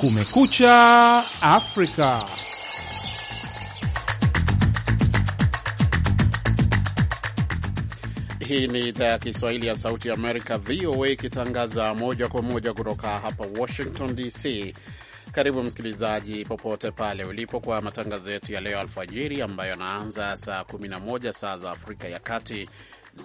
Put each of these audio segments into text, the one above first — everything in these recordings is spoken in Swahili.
Kumekucha Afrika. Hii ni idhaa ya Kiswahili ya Sauti ya Amerika, VOA, ikitangaza moja kwa moja kutoka hapa Washington DC. Karibu msikilizaji, popote pale ulipo, kwa matangazo yetu ya leo alfajiri, ambayo yanaanza saa 11 saa za Afrika ya Kati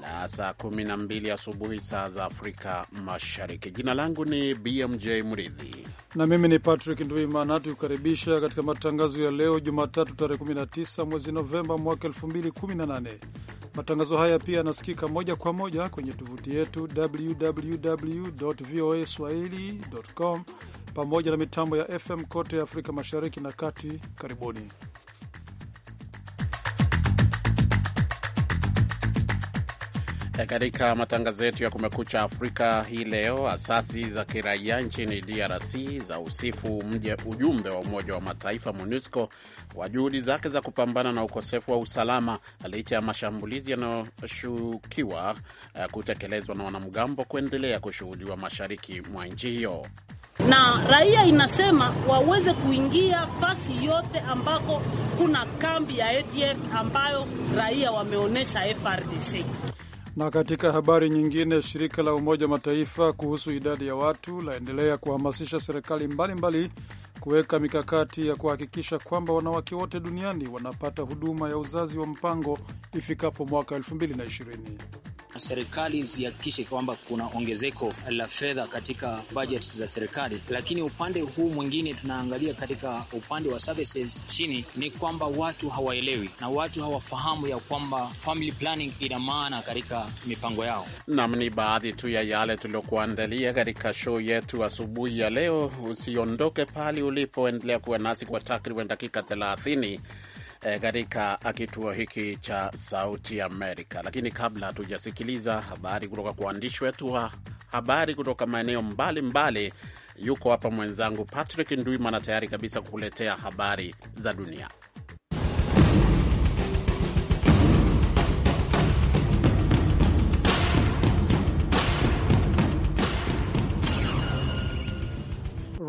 na saa mbili asubuhi saa za Afrika Mashariki. Jina langu ni BMJ Mridhi na mimi ni Patrick Nduimana, tukukaribisha katika matangazo ya leo Jumatatu tarehe 19 mwezi Novemba mwaka 2018. Matangazo haya pia yanasikika moja kwa moja kwenye tovuti yetu www voa swahili.com pamoja na mitambo ya FM kote Afrika Mashariki na Kati. Karibuni. Eh, katika matangazo yetu ya Kumekucha Afrika hii leo, asasi za kiraia nchini DRC za usifu mje ujumbe wa Umoja wa Mataifa MONUSCO kwa juhudi zake za kupambana na ukosefu wa usalama licha ya mashambulizi yanayoshukiwa eh, kutekelezwa na wanamgambo kuendelea kushuhudiwa mashariki mwa nchi hiyo na raia inasema waweze kuingia fasi yote ambako kuna kambi ya ADF ambayo raia wameonyesha FRDC. Na katika habari nyingine, shirika la Umoja wa Mataifa kuhusu idadi ya watu laendelea kuhamasisha serikali mbalimbali kuweka mikakati ya kuhakikisha kwamba wanawake wote duniani wanapata huduma ya uzazi wa mpango ifikapo mwaka 2020 serikali zihakikishe kwamba kuna ongezeko la fedha katika bajeti za serikali. Lakini upande huu mwingine tunaangalia katika upande wa services chini, ni kwamba watu hawaelewi na watu hawafahamu ya kwamba family planning ina maana katika mipango yao. Nam, ni baadhi tu ya yale tuliokuandalia katika show yetu asubuhi ya leo. Usiondoke pali ulipoendelea kuwa nasi kwa takriban dakika 3h0 Eh, katika kituo hiki cha Sauti Amerika. Lakini kabla hatujasikiliza habari kutoka kwa waandishi wetu wa habari kutoka maeneo mbalimbali, yuko hapa mwenzangu Patrick Ndwimana tayari kabisa kukuletea habari za dunia.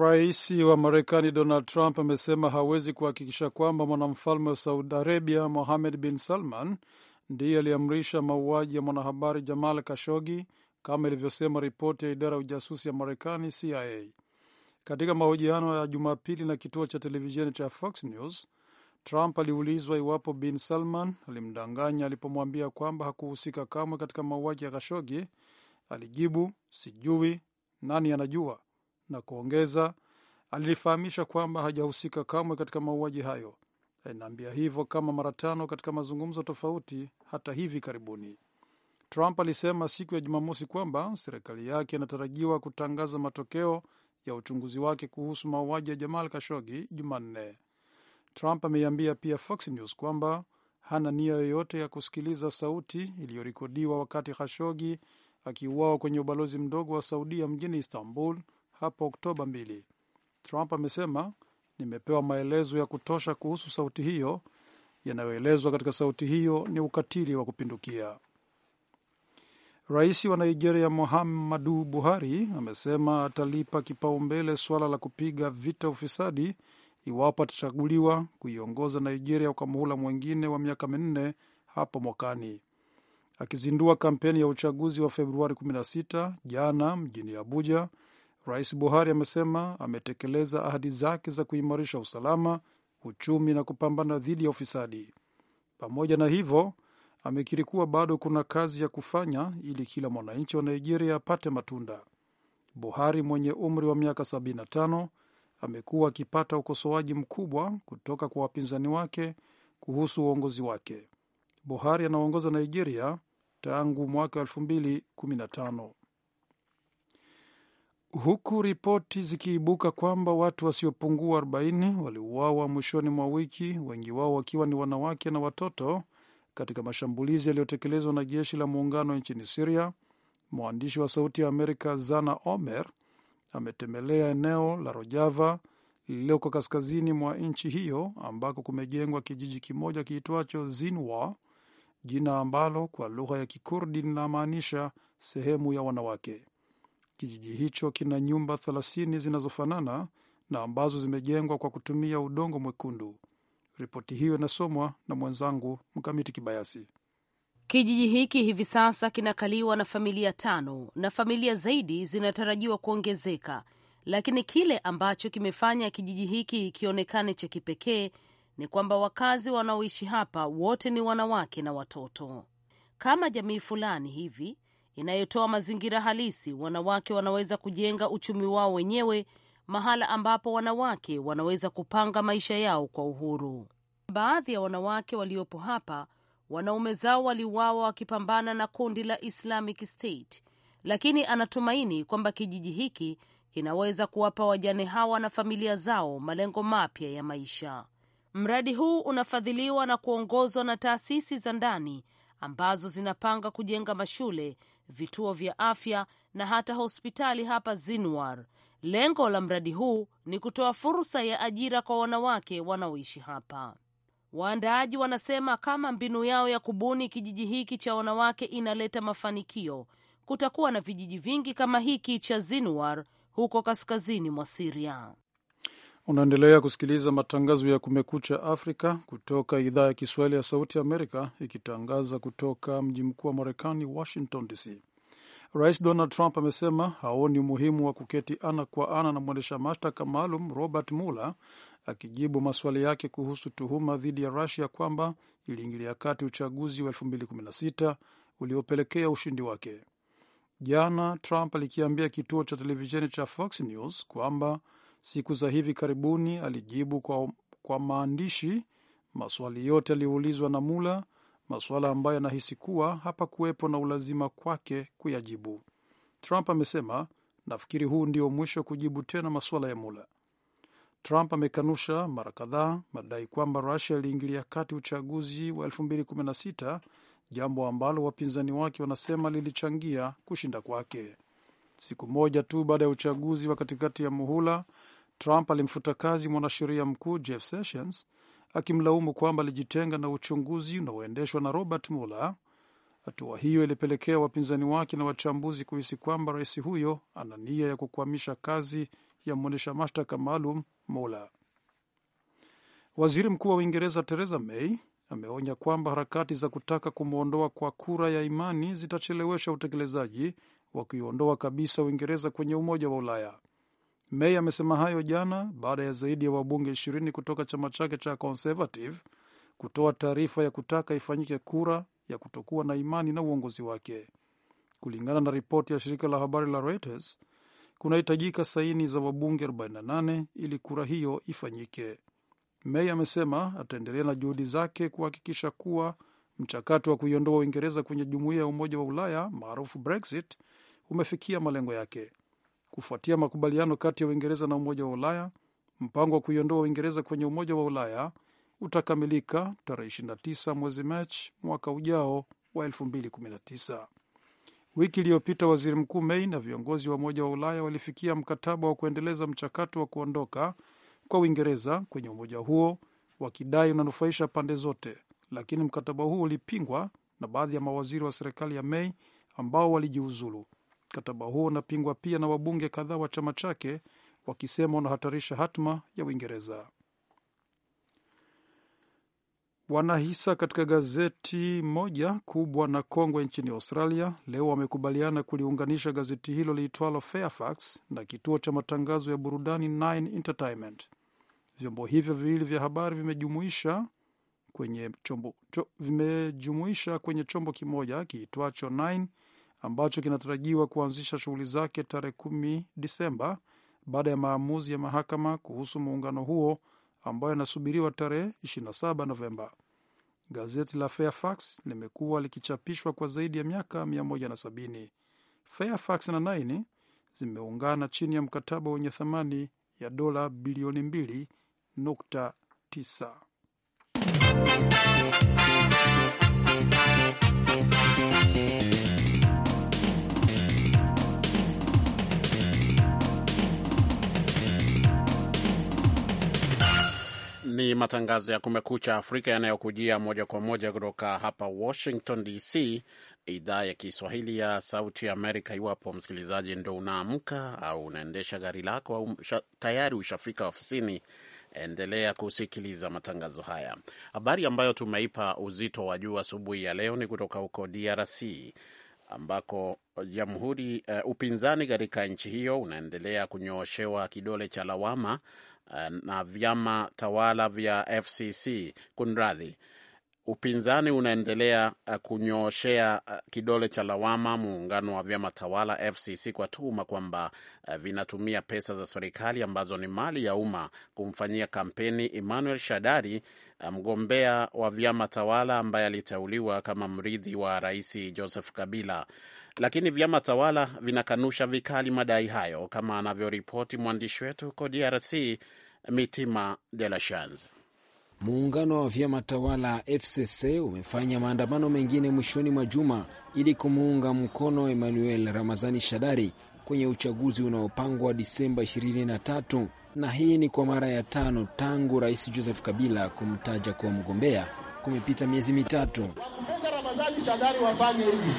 Rais wa Marekani Donald Trump amesema hawezi kuhakikisha kwamba mwanamfalme wa Saudi Arabia Mohamed bin Salman ndiye aliamrisha mauaji ya mwanahabari Jamal Kashogi kama ilivyosema ripoti ya idara ya ujasusi ya Marekani, CIA. Katika mahojiano ya Jumapili na kituo cha televisheni cha Fox News, Trump aliulizwa iwapo bin Salman alimdanganya alipomwambia kwamba hakuhusika kamwe katika mauaji ya Kashogi. Alijibu, sijui, nani anajua? na kuongeza alilifahamisha kwamba hajahusika kamwe katika mauaji hayo. Alinaambia hivyo kama mara tano katika mazungumzo tofauti hata hivi karibuni. Trump alisema siku ya Jumamosi kwamba serikali yake inatarajiwa kutangaza matokeo ya uchunguzi wake kuhusu mauaji ya Jamal Kashogi Jumanne. Trump ameiambia pia Fox News kwamba hana nia yoyote ya kusikiliza sauti iliyorekodiwa wakati Khashogi akiuawa kwenye ubalozi mdogo wa Saudia mjini Istanbul hapo Oktoba 2. Trump amesema, nimepewa maelezo ya kutosha kuhusu sauti hiyo. Yanayoelezwa katika sauti hiyo ni ukatili wa kupindukia. Rais wa Nigeria Muhammadu Buhari amesema atalipa kipaumbele suala la kupiga vita ufisadi iwapo atachaguliwa kuiongoza Nigeria kwa muhula mwingine wa miaka minne hapo mwakani. Akizindua kampeni ya uchaguzi wa Februari 16 jana mjini Abuja, Rais Buhari amesema ametekeleza ahadi zake za kuimarisha usalama, uchumi na kupambana dhidi ya ufisadi. Pamoja na hivyo, amekiri kuwa bado kuna kazi ya kufanya ili kila mwananchi wa Nigeria apate matunda. Buhari mwenye umri wa miaka 75 amekuwa akipata ukosoaji mkubwa kutoka kwa wapinzani wake kuhusu uongozi wake. Buhari anaongoza Nigeria tangu mwaka 2015 huku ripoti zikiibuka kwamba watu wasiopungua 40 waliuawa mwishoni mwa wiki, wengi wao wakiwa ni wanawake na watoto katika mashambulizi yaliyotekelezwa na jeshi la muungano nchini Siria. Mwandishi wa Sauti ya Amerika Zana Omer ametembelea eneo la Rojava lililoko kaskazini mwa nchi hiyo ambako kumejengwa kijiji kimoja kiitwacho Zinwa, jina ambalo kwa lugha ya Kikurdi linamaanisha sehemu ya wanawake. Kijiji hicho kina nyumba 30 zinazofanana na ambazo zimejengwa kwa kutumia udongo mwekundu. Ripoti hiyo inasomwa na mwenzangu Mkamiti Kibayasi. Kijiji hiki hivi sasa kinakaliwa na familia tano na familia zaidi zinatarajiwa kuongezeka, lakini kile ambacho kimefanya kijiji hiki kionekane cha kipekee ni kwamba wakazi wanaoishi hapa wote ni wanawake na watoto. Kama jamii fulani hivi, inayotoa mazingira halisi wanawake wanaweza kujenga uchumi wao wenyewe, mahala ambapo wanawake wanaweza kupanga maisha yao kwa uhuru. Baadhi ya wanawake waliopo hapa, wanaume zao waliuawa wakipambana na kundi la Islamic State, lakini anatumaini kwamba kijiji hiki kinaweza kuwapa wajane hawa na familia zao malengo mapya ya maisha. Mradi huu unafadhiliwa na kuongozwa na taasisi za ndani ambazo zinapanga kujenga mashule vituo vya afya na hata hospitali hapa Zinwar. Lengo la mradi huu ni kutoa fursa ya ajira kwa wanawake wanaoishi hapa. Waandaaji wanasema kama mbinu yao ya kubuni kijiji hiki cha wanawake inaleta mafanikio, kutakuwa na vijiji vingi kama hiki cha Zinwar huko kaskazini mwa Siria. Unaendelea kusikiliza matangazo ya Kumekucha Afrika kutoka idhaa ya Kiswahili ya Sauti Amerika, ikitangaza kutoka mji mkuu wa Marekani, Washington DC. Rais Donald Trump amesema haoni umuhimu wa kuketi ana kwa ana na mwendesha mashtaka maalum Robert Mueller akijibu maswali yake kuhusu tuhuma dhidi ya Rusia kwamba iliingilia kati uchaguzi wa 2016 uliopelekea ushindi wake. Jana Trump alikiambia kituo cha televisheni cha Fox News kwamba siku za hivi karibuni alijibu kwa, kwa maandishi maswali yote aliyoulizwa na Mula, masuala ambayo anahisi kuwa hapa kuwepo na ulazima kwake kuyajibu. Trump amesema nafikiri huu ndio mwisho kujibu tena masuala ya Mula. Trump amekanusha mara kadhaa madai kwamba Rusia iliingilia kati uchaguzi wa 2016 jambo ambalo wapinzani wake wanasema lilichangia kushinda kwake. Siku moja tu baada ya uchaguzi wa katikati ya muhula Trump alimfuta kazi mwanasheria mkuu Jeff Sessions akimlaumu kwamba alijitenga na uchunguzi unaoendeshwa na Robert Mueller. Hatua hiyo ilipelekea wapinzani wake na wachambuzi kuhisi kwamba rais huyo ana nia ya kukwamisha kazi ya mwendesha mashtaka maalum Mueller. Waziri Mkuu wa Uingereza Theresa May ameonya kwamba harakati za kutaka kumwondoa kwa kura ya imani zitachelewesha utekelezaji wa kuiondoa kabisa Uingereza kwenye Umoja wa Ulaya. May amesema hayo jana baada ya zaidi ya wabunge ishirini kutoka chama chake cha Conservative kutoa taarifa ya kutaka ifanyike kura ya kutokuwa na imani na uongozi wake. Kulingana na ripoti ya shirika la habari la Reuters, kunahitajika saini za wabunge 48 ili kura hiyo ifanyike. May amesema ataendelea na juhudi zake kuhakikisha kuwa mchakato wa kuiondoa Uingereza kwenye jumuiya ya Umoja wa Ulaya maarufu Brexit umefikia malengo yake kufuatia makubaliano kati ya Uingereza na Umoja wa Ulaya. Mpango wa kuiondoa Uingereza kwenye Umoja wa Ulaya utakamilika tarehe 29 mwezi Machi mwaka ujao wa 2019. Wiki iliyopita waziri mkuu Mei na viongozi wa Umoja wa Ulaya walifikia mkataba wa kuendeleza mchakato wa kuondoka kwa Uingereza kwenye umoja huo, wakidai unanufaisha pande zote, lakini mkataba huo ulipingwa na baadhi ya mawaziri wa serikali ya Mei ambao walijiuzulu. Mkataba huo unapingwa pia na wabunge kadhaa wa chama chake wakisema unahatarisha hatma ya Uingereza. Wanahisa katika gazeti moja kubwa na kongwe nchini Australia leo wamekubaliana kuliunganisha gazeti hilo liitwalo Fairfax na kituo cha matangazo ya burudani Nine Entertainment. Vyombo hivyo viwili vya habari vimejumuisha kwenye chombo, cho, vimejumuisha kwenye chombo kimoja kiitwacho Nine ambacho kinatarajiwa kuanzisha shughuli zake tarehe kumi Disemba baada ya maamuzi ya mahakama kuhusu muungano huo ambayo yanasubiriwa tarehe 27 Novemba. Gazeti la Fairfax limekuwa likichapishwa kwa zaidi ya miaka 170. Fairfax na Nine zimeungana chini ya mkataba wenye thamani ya dola bilioni 2.9. ni matangazo ya Kumekucha Afrika yanayokujia moja kwa moja kutoka hapa Washington DC, idhaa ya Kiswahili ya Sauti Amerika. Iwapo msikilizaji ndo unaamka au unaendesha gari lako au tayari ushafika ofisini, endelea kusikiliza matangazo haya. Habari ambayo tumeipa uzito wa juu asubuhi ya leo ni kutoka huko DRC ambako jamhuri uh, upinzani katika nchi hiyo unaendelea kunyooshewa kidole cha lawama Eh, na vyama tawala vya FCC kunradhi upinzani unaendelea eh, kunyooshea eh, kidole cha lawama muungano wa vyama tawala FCC kwa tuhuma kwamba vinatumia pesa za serikali ambazo ni mali ya umma kumfanyia kampeni Emmanuel Shadari, mgombea wa vyama tawala ambaye aliteuliwa kama mrithi wa Rais Joseph Kabila lakini vyama tawala vinakanusha vikali madai hayo, kama anavyoripoti mwandishi wetu huko DRC Mitima de la Chans. Muungano wa vyama tawala FCC umefanya maandamano mengine mwishoni mwa juma ili kumuunga mkono Emmanuel Ramazani Shadari kwenye uchaguzi unaopangwa Disemba 23 na hii ni kwa mara ya tano tangu Rais Joseph Kabila kumtaja kuwa mgombea. Kumepita miezi mitatu. Ramazani Shadari wafanye hivi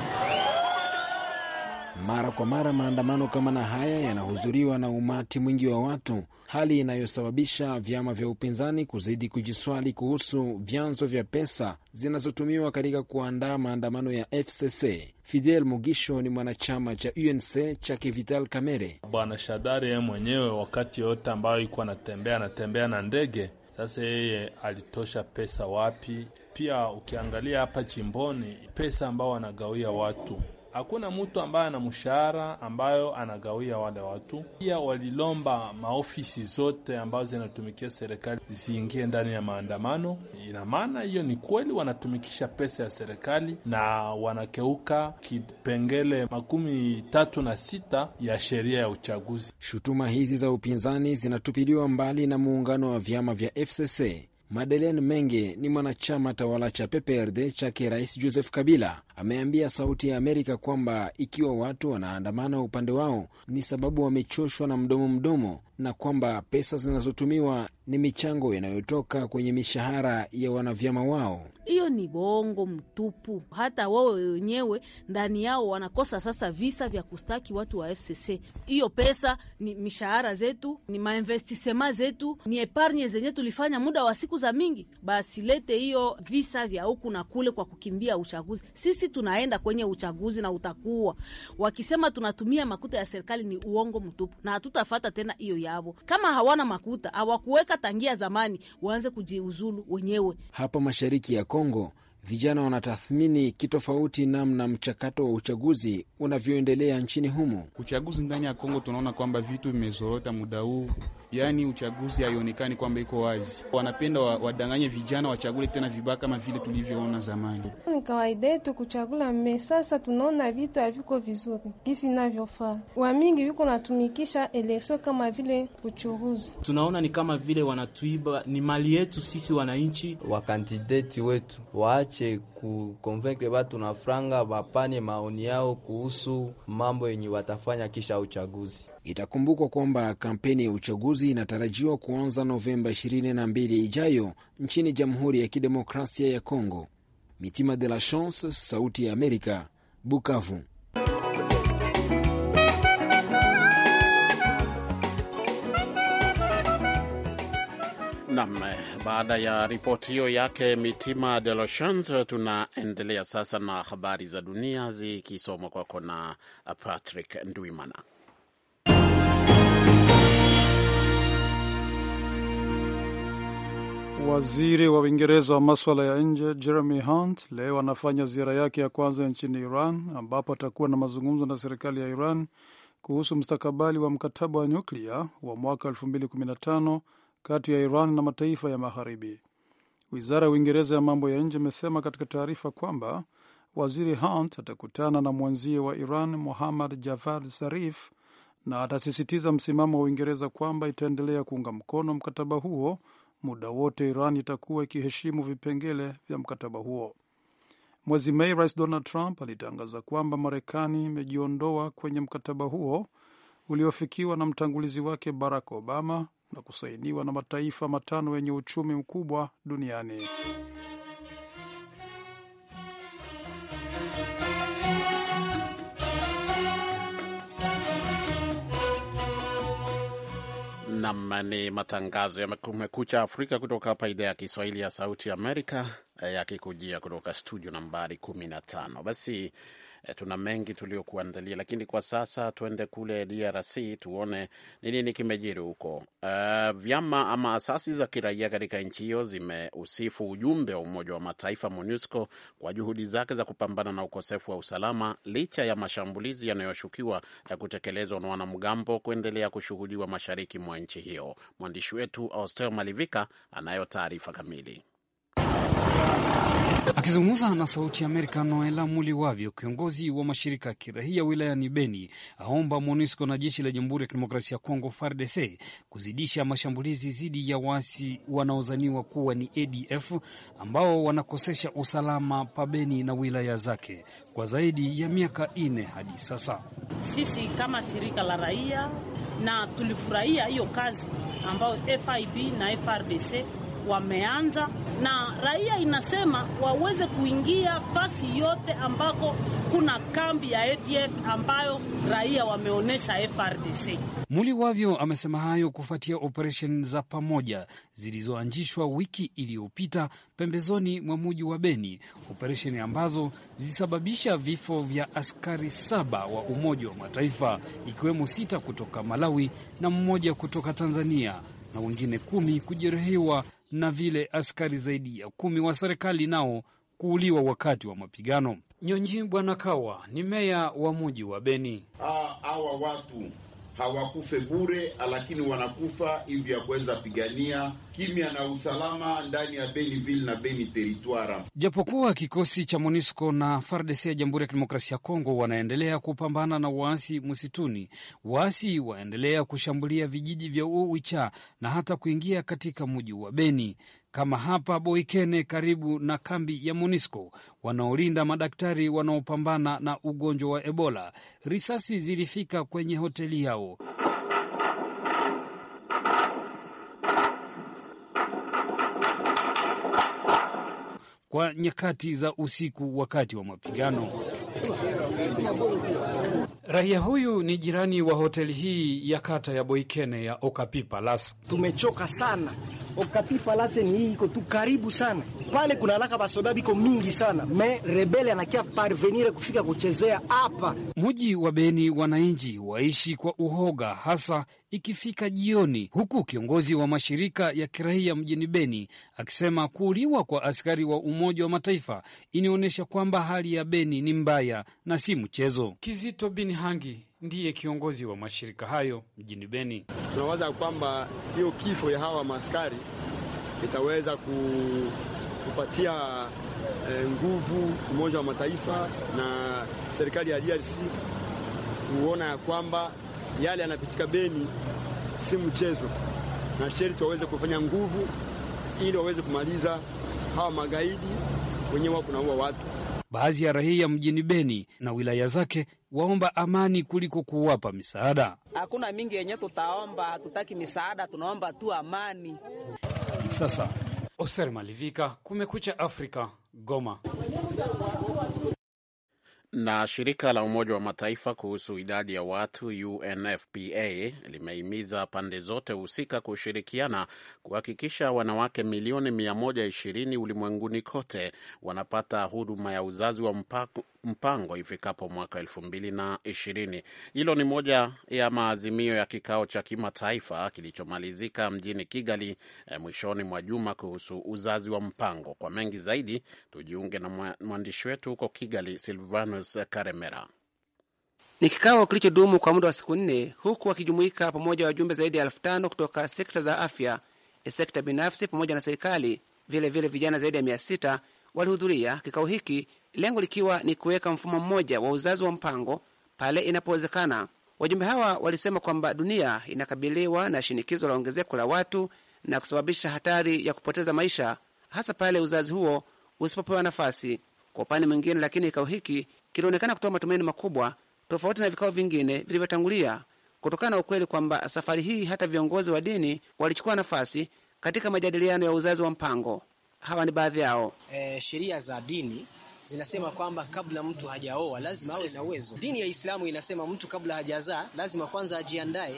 mara kwa mara maandamano kama na haya yanahudhuriwa na umati mwingi wa watu, hali inayosababisha vyama vya upinzani kuzidi kujiswali kuhusu vyanzo vya pesa zinazotumiwa katika kuandaa maandamano ya FCC. Fidel Mugisho ni mwanachama cha UNC cha kivital Kamere. Bwana Shadari yeye mwenyewe wakati yote ambayo ikuwa anatembea anatembea na ndege. Sasa yeye alitosha pesa wapi? Pia ukiangalia hapa chimboni, pesa ambao wanagawia watu hakuna mtu ambaye ana mshahara ambayo anagawia wale watu. Pia walilomba maofisi zote ambazo zinatumikia serikali ziingie ndani ya maandamano. Ina maana hiyo ni kweli wanatumikisha pesa ya serikali na wanakeuka kipengele makumi tatu na sita ya sheria ya uchaguzi. Shutuma hizi za upinzani zinatupiliwa mbali na muungano wa vyama vya FCC Madeleine Menge ni mwanachama tawala cha PPRD chake Rais Joseph Kabila ameambia Sauti ya Amerika kwamba ikiwa watu wanaandamana upande wao ni sababu wamechoshwa na mdomo mdomo, na kwamba pesa zinazotumiwa ni michango inayotoka kwenye mishahara ya wanavyama wao. Hiyo ni bongo mtupu. Hata wao wenyewe ndani yao wanakosa sasa visa vya kustaki watu wa FCC. Hiyo pesa ni mishahara zetu, ni mainvestisema zetu, ni epargne zenye tulifanya muda wa siku siku za mingi, basi lete hiyo visa vya huku na kule kwa kukimbia uchaguzi. Sisi tunaenda kwenye uchaguzi na utakuwa wakisema tunatumia makuta ya serikali ni uongo mtupu, na hatutafata tena hiyo yavo. Kama hawana makuta hawakuweka tangia zamani, waanze kujiuzulu wenyewe. Hapa mashariki ya Kongo vijana wanatathmini kitofauti namna mchakato wa uchaguzi unavyoendelea nchini humo. Uchaguzi ndani ya Kongo tunaona kwamba vitu vimezorota muda huu yaani uchaguzi haionekani kwamba iko wazi. Wanapenda wadanganye vijana wachagule tena vibaa kama vile tulivyoona zamani. Ni kawaida yetu kuchagula me, sasa tunaona vitu haviko vizuri kisi inavyofaa. Wamingi viko natumikisha eleksio kama vile uchuruzi, tunaona ni kama vile wanatuiba, ni mali yetu sisi wananchi. Wakandideti wetu waache kukonvenkre watu na franga, wapane maoni yao kuhusu mambo yenye watafanya kisha uchaguzi. Itakumbukwa kwamba kampeni ya uchaguzi inatarajiwa kuanza Novemba 22 ijayo nchini Jamhuri ya Kidemokrasia ya Kongo. Mitima de la Chance, Sauti ya Amerika, Bukavu. Nam, baada ya ripoti hiyo yake Mitima de la Chance, tunaendelea sasa na habari za dunia zikisomwa kwako na Patrick Ndwimana. Waziri wa Uingereza wa maswala ya nje Jeremy Hunt leo anafanya ziara yake ya kwanza nchini Iran ambapo atakuwa na mazungumzo na serikali ya Iran kuhusu mustakabali wa mkataba wa nyuklia wa mwaka 2015 kati ya Iran na mataifa ya Magharibi. Wizara ya Uingereza ya mambo ya nje imesema katika taarifa kwamba waziri Hunt atakutana na mwenzie wa Iran Muhammad Javad Zarif na atasisitiza msimamo wa Uingereza kwamba itaendelea kuunga mkono mkataba huo muda wote Iran itakuwa ikiheshimu vipengele vya mkataba huo. Mwezi Mei, Rais Donald Trump alitangaza kwamba Marekani imejiondoa kwenye mkataba huo uliofikiwa na mtangulizi wake Barack Obama na kusainiwa na mataifa matano yenye uchumi mkubwa duniani. Nam ni matangazo ya Kumekucha Afrika kutoka hapa idhaa ya Kiswahili ya Sauti Amerika eh, yakikujia kutoka studio nambari 15. Basi Eh, tuna mengi tuliokuandalia, lakini kwa sasa tuende kule DRC tuone ni nini kimejiri huko. Uh, vyama ama asasi za kiraia katika nchi hiyo zimeusifu ujumbe wa Umoja wa Mataifa MONUSCO kwa juhudi zake za kupambana na ukosefu wa usalama licha ya mashambulizi yanayoshukiwa ya kutekelezwa na wanamgambo kuendelea kushuhudiwa mashariki mwa nchi hiyo. Mwandishi wetu Austel Malivika anayo taarifa kamili. Akizungumza na Sauti ya Amerika, Noela wavyo kiongozi wa mashirika ya kirahia wilayani Beni, aomba MONUSCO na jeshi la Jamhuri ya Kidemokrasia ya Kongo, FARDC, kuzidisha mashambulizi dhidi ya waasi wanaozaniwa kuwa ni ADF ambao wanakosesha usalama pa Beni na wilaya zake kwa zaidi ya miaka nne hadi sasa. Sisi kama shirika la raia na tulifurahia hiyo kazi ambayo FIB na FRDC wameanza, na raia inasema waweze kuingia fasi yote ambako kuna kambi ya ADF ambayo raia wameonyesha FRDC. Muli wavyo amesema hayo kufuatia operesheni za pamoja zilizoanzishwa wiki iliyopita pembezoni mwa muji wa Beni, operesheni ambazo zilisababisha vifo vya askari saba wa Umoja wa Mataifa, ikiwemo sita kutoka Malawi na mmoja kutoka Tanzania na wengine kumi kujeruhiwa na vile askari zaidi ya kumi wa serikali nao kuuliwa wakati wa mapigano. Nyonyi Bwana Kawa ni meya wa muji wa Beni. Ah, hawa watu hawakufe bure, lakini wanakufa hivi ya kuweza pigania kimya na usalama ndani ya Beniville na Beni Teritwara. Japokuwa kikosi cha MONUSCO na FARDC ya Jamhuri ya Kidemokrasia ya Kongo wanaendelea kupambana na waasi msituni, waasi waendelea kushambulia vijiji vya Uwicha na hata kuingia katika mji wa Beni kama hapa Boikene karibu na kambi ya MONUSCO wanaolinda madaktari wanaopambana na ugonjwa wa Ebola. Risasi zilifika kwenye hoteli yao. Kwa nyakati za usiku wakati wa mapigano. Raia huyu ni jirani wa hoteli hii ya kata ya Boikene ya Okapi Tumechoka sana Okapi Palace ni hii iko tu karibu sana pale, kuna alaka basoda biko mingi sana me rebele anakia parvenire kufika kuchezea hapa mji wa Beni. Wananchi waishi kwa uhoga, hasa ikifika jioni, huku kiongozi wa mashirika ya kiraia mjini Beni akisema kuuliwa kwa askari wa Umoja wa Mataifa inaonyesha kwamba hali ya Beni ni mbaya na si mchezo. Kizito Bini Hangi ndiye kiongozi wa mashirika hayo mjini Beni. Tunawaza kwamba hiyo kifo ya hawa maaskari itaweza kupatia eh, nguvu Umoja wa Mataifa na serikali ya DRC kuona ya kwamba yale yanapitika Beni si mchezo, na sherti waweze kufanya nguvu ili waweze kumaliza hawa magaidi wenyewe wako watu. Baadhi ya raia mjini Beni na wilaya zake waomba amani kuliko kuwapa misaada. Hakuna mingi yenye tutaomba, hatutaki misaada, tunaomba tu amani. Sasa Oser Malivika, Kumekucha Afrika, Goma. Na shirika la Umoja wa Mataifa kuhusu idadi ya watu UNFPA limehimiza pande zote husika kushirikiana kuhakikisha wanawake milioni 120 ulimwenguni kote wanapata huduma ya uzazi wa mpango, mpango ifikapo mwaka 2020. Hilo ni moja ya maazimio ya kikao cha kimataifa kilichomalizika mjini Kigali eh, mwishoni mwa juma kuhusu uzazi wa mpango. Kwa mengi zaidi tujiunge na mwandishi wetu huko Kigali Silvano Silvanus Karemera. Ni kikao kilichodumu kwa muda wa siku nne, huku wakijumuika pamoja wajumbe zaidi ya elfu tano kutoka sekta za afya, sekta binafsi pamoja na serikali. Vilevile vile vijana zaidi ya mia sita walihudhuria kikao hiki, lengo likiwa ni kuweka mfumo mmoja wa uzazi wa mpango pale inapowezekana. Wajumbe hawa walisema kwamba dunia inakabiliwa na shinikizo la ongezeko la watu na kusababisha hatari ya kupoteza maisha, hasa pale uzazi huo usipopewa nafasi. Kwa upande mwingine, lakini kikao hiki kilionekana kutoa matumaini makubwa tofauti na vikao vingine vilivyotangulia, kutokana na ukweli kwamba safari hii hata viongozi wa dini walichukua nafasi katika majadiliano ya uzazi wa mpango. Hawa ni baadhi yao. E, sheria za dini zinasema kwamba kabla mtu hajaoa lazima awe na uwezo. Dini ya Islamu inasema mtu kabla hajazaa lazima kwanza ajiandae,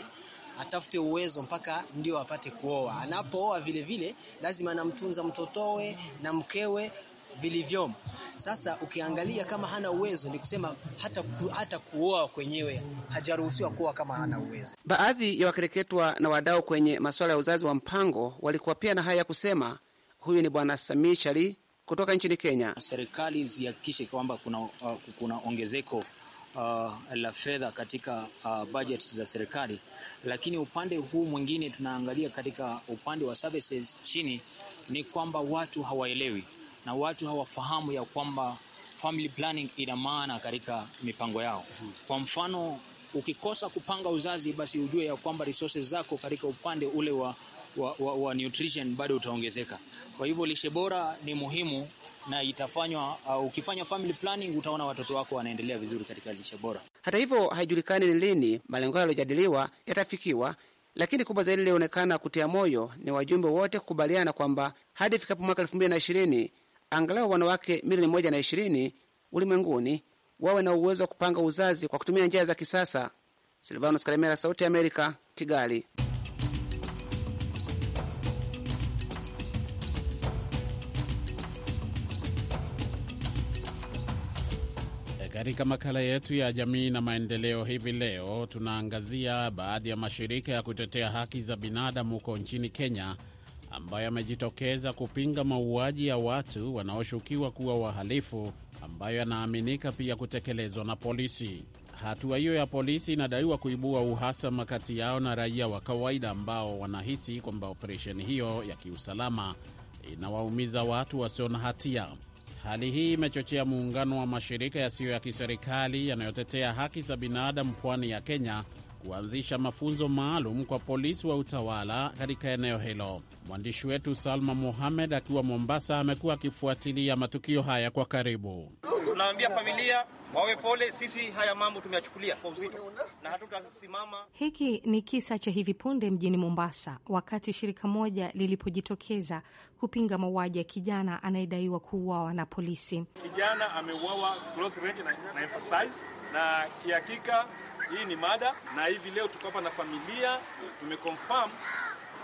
atafute uwezo mpaka ndio apate kuoa. Anapooa vilevile lazima anamtunza mtotowe na mkewe vilivyomo. Sasa ukiangalia kama hana uwezo, ni kusema hata, ku, hata kuoa kwenyewe hajaruhusiwa kuoa kama hana uwezo. Baadhi ya wakereketwa na wadau kwenye masuala ya uzazi wa mpango walikuwa pia na haya ya kusema. Huyu ni Bwana Samii Chali kutoka nchini Kenya. Serikali zihakikishe kwamba kuna, uh, kuna ongezeko Uh, la fedha katika uh, budget za serikali, lakini upande huu mwingine tunaangalia katika upande wa services chini, ni kwamba watu hawaelewi na watu hawafahamu ya kwamba family planning ina maana katika mipango yao. Kwa mfano, ukikosa kupanga uzazi, basi ujue ya kwamba resources zako katika upande ule wa, wa, wa, wa nutrition bado utaongezeka. Kwa hivyo lishe bora ni muhimu na itafanywa uh, ukifanya family planning utaona watoto wako wanaendelea vizuri katika lishe bora. Hata hivyo, haijulikani ni lini malengo yaliyojadiliwa yatafikiwa, lakini kubwa zaidi lilionekana kutia moyo ni wajumbe wote kukubaliana kwamba hadi ifikapo mwaka elfu mbili na ishirini angalau wanawake milioni moja na ishirini ulimwenguni wawe na uwezo wa kupanga uzazi kwa kutumia njia za kisasa. Silvanos Karemera, Sauti ya Amerika, Kigali. Katika makala yetu ya jamii na maendeleo hivi leo tunaangazia baadhi ya mashirika ya kutetea haki za binadamu huko nchini Kenya ambaye amejitokeza kupinga mauaji ya watu wanaoshukiwa kuwa wahalifu ambayo yanaaminika pia kutekelezwa na polisi. Hatua hiyo ya polisi inadaiwa kuibua uhasama kati yao na raia wa kawaida ambao wanahisi kwamba operesheni hiyo ya kiusalama inawaumiza watu wasio na hatia. Hali hii imechochea muungano wa mashirika yasiyo ya kiserikali yanayotetea haki za binadamu pwani ya Kenya kuanzisha mafunzo maalum kwa polisi wa utawala katika eneo hilo. Mwandishi wetu Salma Mohamed akiwa Mombasa amekuwa akifuatilia matukio haya kwa karibu. Tunaambia familia wawe pole, sisi haya mambo tumeyachukulia kwa uzito na hatutasimama. Hiki ni kisa cha hivi punde mjini Mombasa, wakati shirika moja lilipojitokeza kupinga mauaji ya kijana anayedaiwa kuuawa na polisi. Kijana ameuawa close range na, na emphasize na kihakika hii ni mada, na hivi leo tuko hapa na familia, tumeconfirm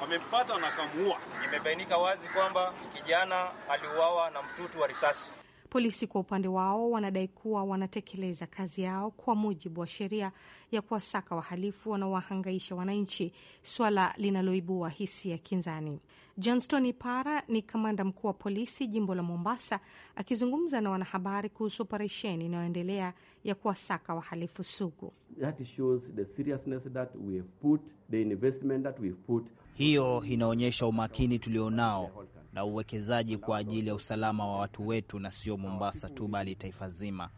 wamempata na kamuua. Imebainika wazi kwamba kijana aliuawa na mtutu wa risasi. Polisi kwa upande wao wanadai kuwa wanatekeleza kazi yao kwa mujibu wa sheria ya kuwasaka wahalifu wanaowahangaisha wananchi, swala linaloibua hisia kinzani. Johnston Ipara ni kamanda mkuu wa polisi jimbo la Mombasa, akizungumza na wanahabari kuhusu operesheni inayoendelea ya kuwasaka wahalifu sugu. That shows the seriousness that we have put, the investment that we have put. Hiyo inaonyesha umakini tulionao na uwekezaji kwa ajili ya usalama wa watu wetu, na sio Mombasa tu, bali taifa zima.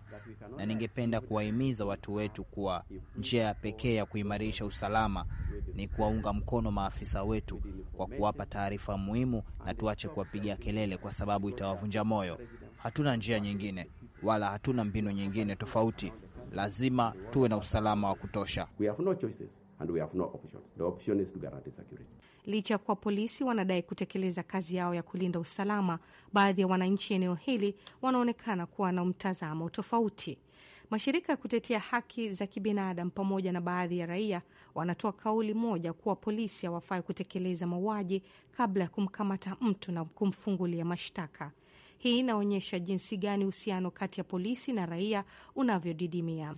Na ningependa kuwahimiza watu wetu kuwa njia ya pekee ya kuimarisha usalama ni kuwaunga mkono maafisa wetu kwa kuwapa taarifa muhimu, na tuache kuwapigia kelele, kwa sababu itawavunja moyo. Hatuna njia nyingine, wala hatuna mbinu nyingine tofauti lazima tuwe na usalama wa kutosha. We have no choices and we have no options. The option is to guarantee security. Licha ya kuwa polisi wanadai kutekeleza kazi yao ya kulinda usalama, baadhi ya wananchi eneo hili wanaonekana kuwa na mtazamo tofauti. Mashirika ya kutetea haki za kibinadamu pamoja na baadhi ya raia wanatoa kauli moja kuwa polisi hawafai kutekeleza mauaji kabla ya kumkamata mtu na kumfungulia mashtaka. Hii inaonyesha jinsi gani uhusiano kati ya polisi na raia unavyodidimia.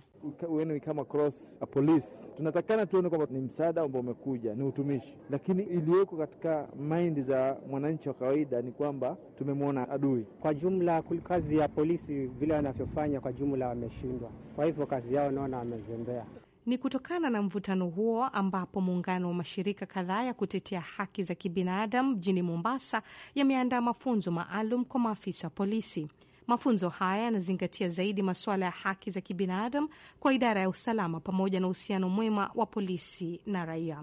we kama cross a police, tunatakana tuone kwamba ni msaada ambao umekuja, ni utumishi, lakini iliyoko katika maindi za mwananchi wa kawaida ni kwamba tumemwona adui kwa jumla. Kazi ya polisi vile wanavyofanya kwa jumla wameshindwa, kwa hivyo kazi yao naona wamezembea. Ni kutokana na mvutano huo ambapo muungano wa mashirika kadhaa ya kutetea haki za kibinadamu mjini Mombasa yameandaa mafunzo maalum kwa maafisa wa polisi. Mafunzo haya yanazingatia zaidi masuala ya haki za kibinadamu kwa idara ya usalama pamoja na uhusiano mwema wa polisi na raia.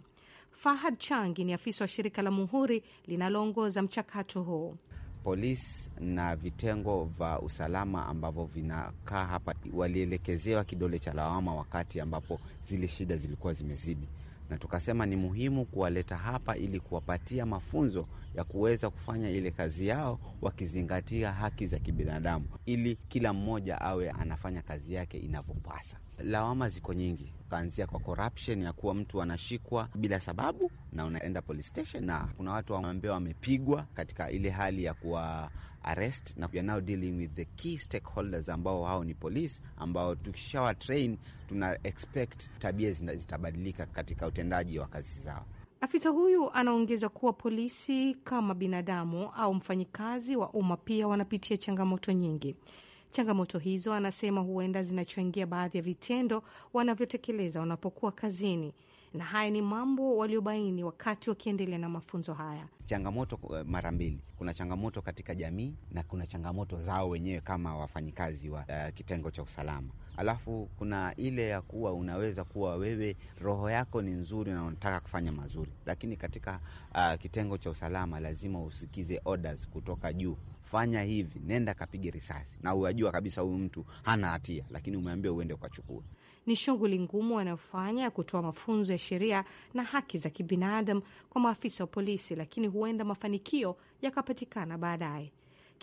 Fahad Changi ni afisa wa shirika la Muhuri linaloongoza mchakato huu polisi na vitengo vya usalama ambavyo vinakaa hapa walielekezewa kidole cha lawama wakati ambapo zile shida zilikuwa zimezidi, na tukasema ni muhimu kuwaleta hapa ili kuwapatia mafunzo ya kuweza kufanya ile kazi yao wakizingatia haki za kibinadamu, ili kila mmoja awe anafanya kazi yake inavyopasa. Lawama ziko nyingi ukaanzia kwa corruption ya kuwa mtu anashikwa bila sababu na unaenda police station, na kuna watu ambao wamepigwa katika ile hali ya kuwa arrest, na we are now dealing with the key stakeholders ambao hao ni police, ambao tukishawa train tuna expect tabia zitabadilika katika utendaji wa kazi zao. Afisa huyu anaongeza kuwa polisi kama binadamu au mfanyikazi wa umma pia wanapitia changamoto nyingi. Changamoto hizo anasema huenda zinachangia baadhi ya vitendo wanavyotekeleza wanapokuwa kazini na haya ni mambo waliobaini wakati wakiendelea na mafunzo haya. Changamoto eh, mara mbili, kuna changamoto katika jamii na kuna changamoto zao wenyewe kama wafanyikazi wa uh, kitengo cha usalama. Alafu kuna ile ya kuwa unaweza kuwa wewe roho yako ni nzuri na unataka kufanya mazuri, lakini katika uh, kitengo cha usalama lazima usikize orders kutoka juu Fanya hivi, nenda kapige risasi, na unajua kabisa huyu mtu hana hatia, lakini umeambia uende ukachukua ni shughuli ngumu wanayofanya ya kutoa mafunzo ya sheria na haki za kibinadamu kwa maafisa wa polisi, lakini huenda mafanikio yakapatikana baadaye.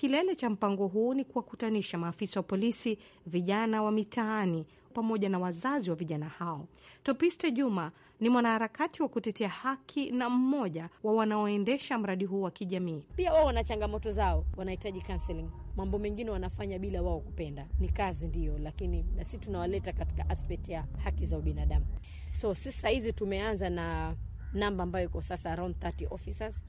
Kilele cha mpango huu ni kuwakutanisha maafisa wa polisi, vijana wa mitaani pamoja na wazazi wa vijana hao. Topiste Juma ni mwanaharakati wa kutetea haki na mmoja wa wanaoendesha mradi huu wa kijamii. Pia wao wana changamoto zao, wanahitaji counseling. Mambo mengine wanafanya bila wao kupenda, ni kazi ndio, lakini na sisi tunawaleta katika aspect ya haki za ubinadamu. So sisi sahizi tumeanza na namba ambayo iko sasa around 30 officers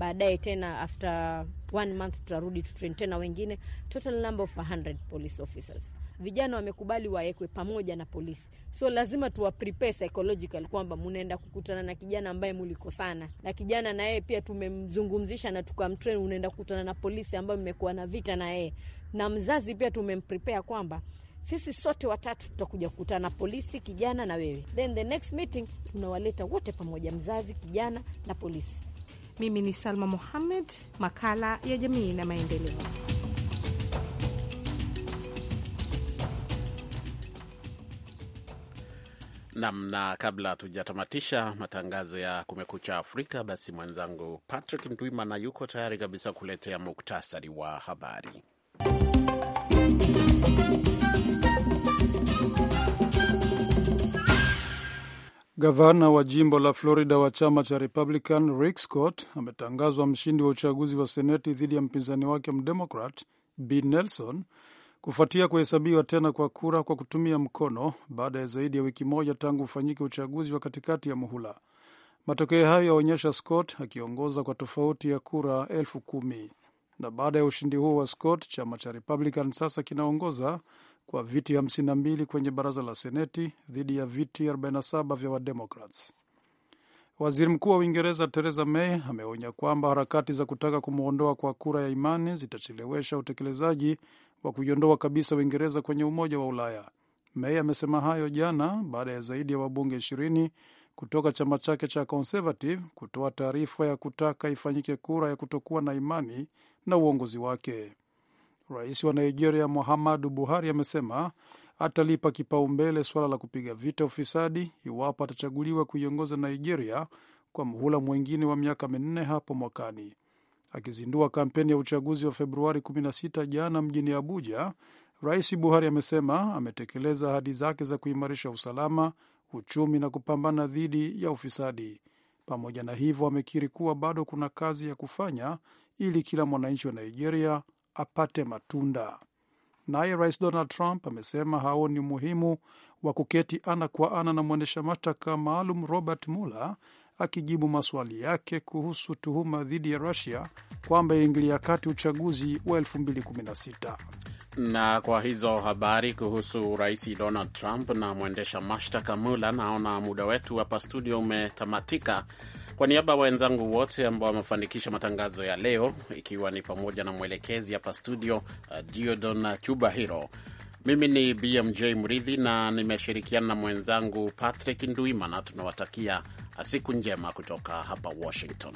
baadaye tena after one month tutarudi tutrain tena wengine, total number of 100 police officers. Vijana wamekubali waekwe pamoja na polisi, so lazima tuwa prepare psychological kwamba mnaenda kukutana na kijana ambaye mulikosana na kijana, na yeye pia tumemzungumzisha na tukamtrain. Unaenda kukutana na polisi ambayo mmekuwa na vita na yeye, na mzazi pia tumemprepare kwamba sisi sote watatu tutakuja kukutana na polisi, kijana na wewe, then the next meeting tunawaleta wote pamoja, mzazi, kijana na polisi mimi ni Salma Mohammed, makala ya jamii na maendeleo. Nam, na kabla tujatamatisha matangazo ya Kumekucha Afrika, basi mwenzangu Patrick Ndwimana yuko tayari kabisa kuletea muktasari wa habari. Gavana wa jimbo la Florida wa chama cha Republican Rick Scott ametangazwa mshindi wa uchaguzi wa seneti dhidi ya mpinzani wake mdemokrat b Nelson kufuatia kuhesabiwa tena kwa kura kwa kutumia mkono baada ya zaidi ya wiki moja tangu ufanyike uchaguzi wa katikati ya muhula. Matokeo hayo yaonyesha Scott akiongoza kwa tofauti ya kura elfu kumi. Na baada ya ushindi huo wa Scott, chama cha Republican sasa kinaongoza kwa viti 52 kwenye baraza la Seneti dhidi ya viti 47 vya Wademokrats. Waziri Mkuu wa Uingereza Theresa May ameonya kwamba harakati za kutaka kumwondoa kwa kura ya imani zitachelewesha utekelezaji wa kuiondoa kabisa Uingereza kwenye Umoja wa Ulaya. May amesema hayo jana baada ya zaidi ya wabunge ishirini kutoka chama chake cha Conservative kutoa taarifa ya kutaka ifanyike kura ya kutokuwa na imani na uongozi wake. Rais wa Nigeria Muhammadu Buhari amesema atalipa kipaumbele suala la kupiga vita ufisadi iwapo atachaguliwa kuiongoza Nigeria kwa muhula mwingine wa miaka minne hapo mwakani. Akizindua kampeni ya uchaguzi wa Februari 16 jana mjini Abuja, Rais Buhari amesema ametekeleza ahadi zake za kuimarisha usalama, uchumi na kupambana dhidi ya ufisadi. Pamoja na hivyo, amekiri kuwa bado kuna kazi ya kufanya ili kila mwananchi wa Nigeria apate matunda. Naye Rais Donald Trump amesema haoni umuhimu wa kuketi ana kwa ana na mwendesha mashtaka maalum Robert Mueller akijibu maswali yake kuhusu tuhuma dhidi ya Rusia kwamba iliingilia kati uchaguzi wa 2016. Na kwa hizo habari kuhusu Rais Donald Trump na mwendesha mashtaka Mula, naona muda wetu hapa studio umetamatika. Kwa niaba ya wenzangu wote ambao wamefanikisha matangazo ya leo, ikiwa ni pamoja na mwelekezi hapa studio uh, Diodon Chuba Hiro, mimi ni BMJ Mridhi na nimeshirikiana na mwenzangu Patrick Nduimana. Tunawatakia uh, siku njema kutoka hapa Washington.